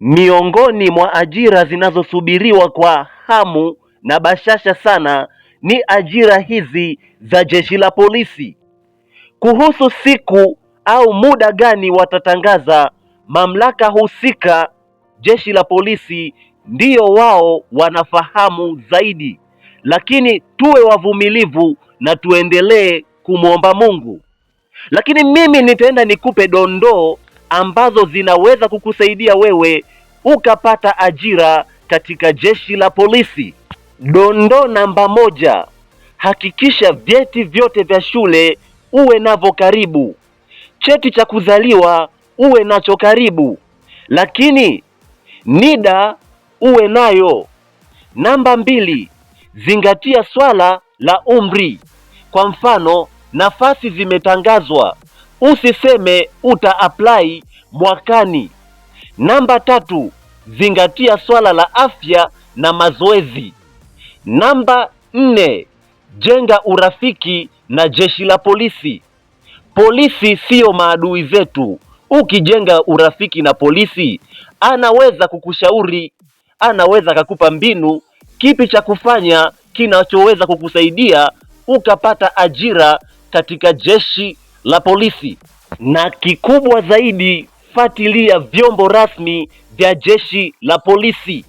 Miongoni mwa ajira zinazosubiriwa kwa hamu na bashasha sana ni ajira hizi za Jeshi la Polisi. Kuhusu siku au muda gani watatangaza, mamlaka husika Jeshi la Polisi ndio wao wanafahamu zaidi, lakini tuwe wavumilivu na tuendelee kumwomba Mungu. Lakini mimi nitaenda nikupe dondoo ambazo zinaweza kukusaidia wewe ukapata ajira katika jeshi la polisi. dondo namba moja, hakikisha vyeti vyote vya shule uwe navyo karibu. Cheti cha kuzaliwa uwe nacho karibu, lakini NIDA uwe nayo. Namba mbili, zingatia swala la umri. Kwa mfano, nafasi zimetangazwa usiseme uta apply mwakani. Namba tatu, zingatia swala la afya na mazoezi. Namba nne, jenga urafiki na jeshi la polisi. Polisi siyo maadui zetu. Ukijenga urafiki na polisi, anaweza kukushauri, anaweza akakupa mbinu kipi cha kufanya kinachoweza kukusaidia ukapata ajira katika jeshi la polisi, na kikubwa zaidi, fuatilia vyombo rasmi vya jeshi la polisi.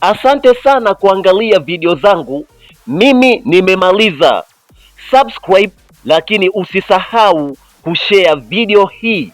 Asante sana kuangalia video zangu, mimi nimemaliza. Subscribe, lakini usisahau kushare video hii.